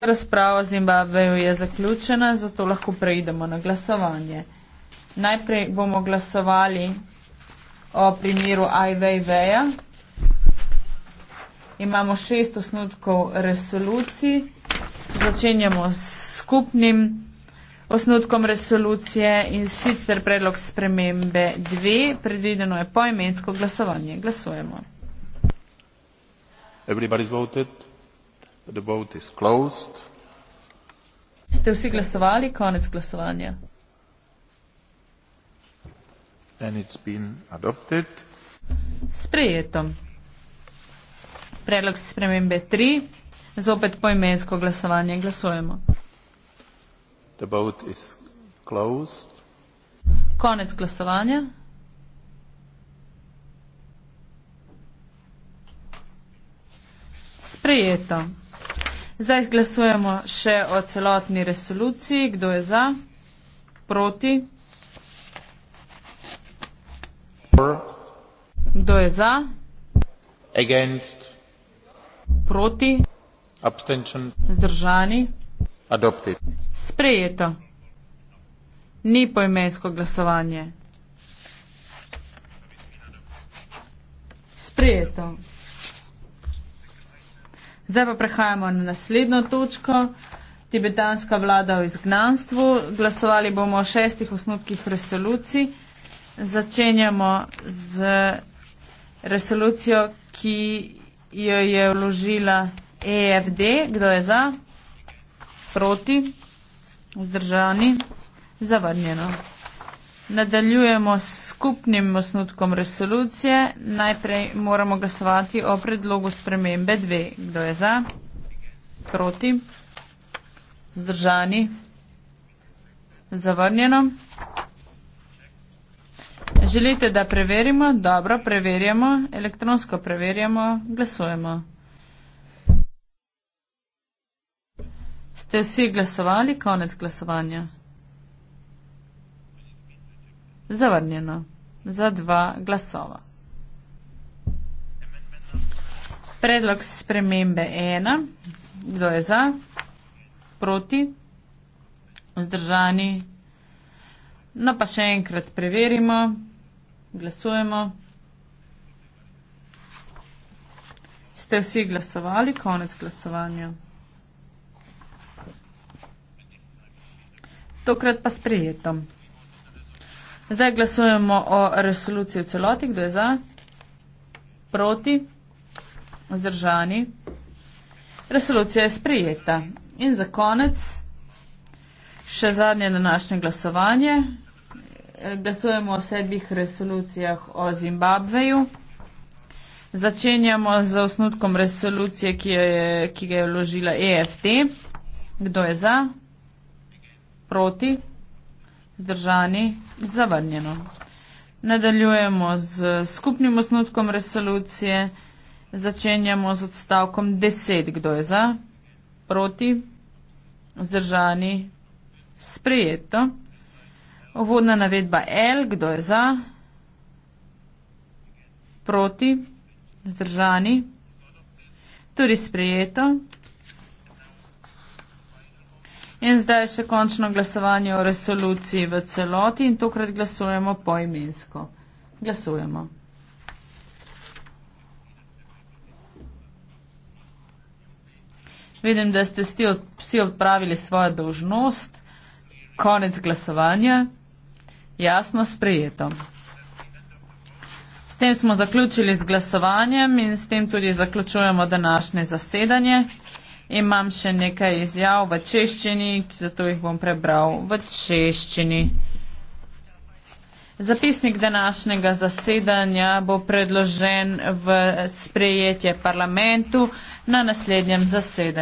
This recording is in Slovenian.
Razprava o Zimbabveju je zaključena, zato lahko preidemo na glasovanje. Najprej bomo glasovali o primeru IVV-ja. Imamo šest osnutkov resolucij. Začenjamo s skupnim osnutkom resolucije in sicer predlog spremembe dve. Predvideno je poimensko glasovanje. Glasujemo. Everybody's voted. Ste vsi glasovali? Konec glasovanja. Sprejeto. Predlog spremembe 3. Zopet poimensko glasovanje. Glasujemo. The vote is closed. Konec glasovanja. Sprejeto. Zdaj glasujemo še o celotni resoluciji. Kdo je za? Proti? Kdo je za? Against. Proti? Abstention. Zdržani? Adopted. Sprejeto. Ni poimensko glasovanje. Sprejeto. Zdaj pa prehajamo na naslednjo točko. Tibetanska vlada v izgnanstvu. Glasovali bomo o šestih osnutkih resolucij. Začenjamo z resolucijo, ki jo je vložila EFD. Kdo je za? Proti? Vzdržani? Zavrnjeno. Nadaljujemo s skupnim osnutkom resolucije. Najprej moramo glasovati o predlogu spremembe dve. Kdo je za? Proti? Zdržani? Zavrnjeno? Želite, da preverimo? Dobro, preverjamo. Elektronsko preverjamo. Glasujemo. Ste vsi glasovali? Konec glasovanja. Zavrnjeno. Za dva glasova. Predlog spremembe ena. Kdo je za? Proti? Vzdržani? No pa še enkrat preverimo. Glasujemo. Ste vsi glasovali? Konec glasovanja. Tokrat pa sprejeto. Zdaj glasujemo o resoluciji v celoti. Kdo je za? Proti? Vzdržani? Resolucija je sprejeta. In za konec še zadnje današnje glasovanje. Glasujemo o sedmih resolucijah o Zimbabveju. Začenjamo z osnutkom resolucije, ki, je, ki ga je vložila EFT. Kdo je za? Proti? Zdržani, zavrnjeno. Nadaljujemo z skupnim osnutkom resolucije. Začenjamo z odstavkom 10. Kdo je za? Proti? Zdržani? Sprejeto. Uvodna navedba L. Kdo je za? Proti? Zdržani? Tudi torej sprejeto. In zdaj še končno glasovanje o resoluciji v celoti in tokrat glasujemo poimensko. Glasujemo. Vidim, da ste vsi odpravili svojo dožnost. Konec glasovanja. Jasno sprejeto. S tem smo zaključili z glasovanjem in s tem tudi zaključujemo današnje zasedanje. Imam še nekaj izjav v češčini, zato jih bom prebral v češčini. Zapisnik današnjega zasedanja bo predložen v sprejetje parlamentu na naslednjem zasedanju.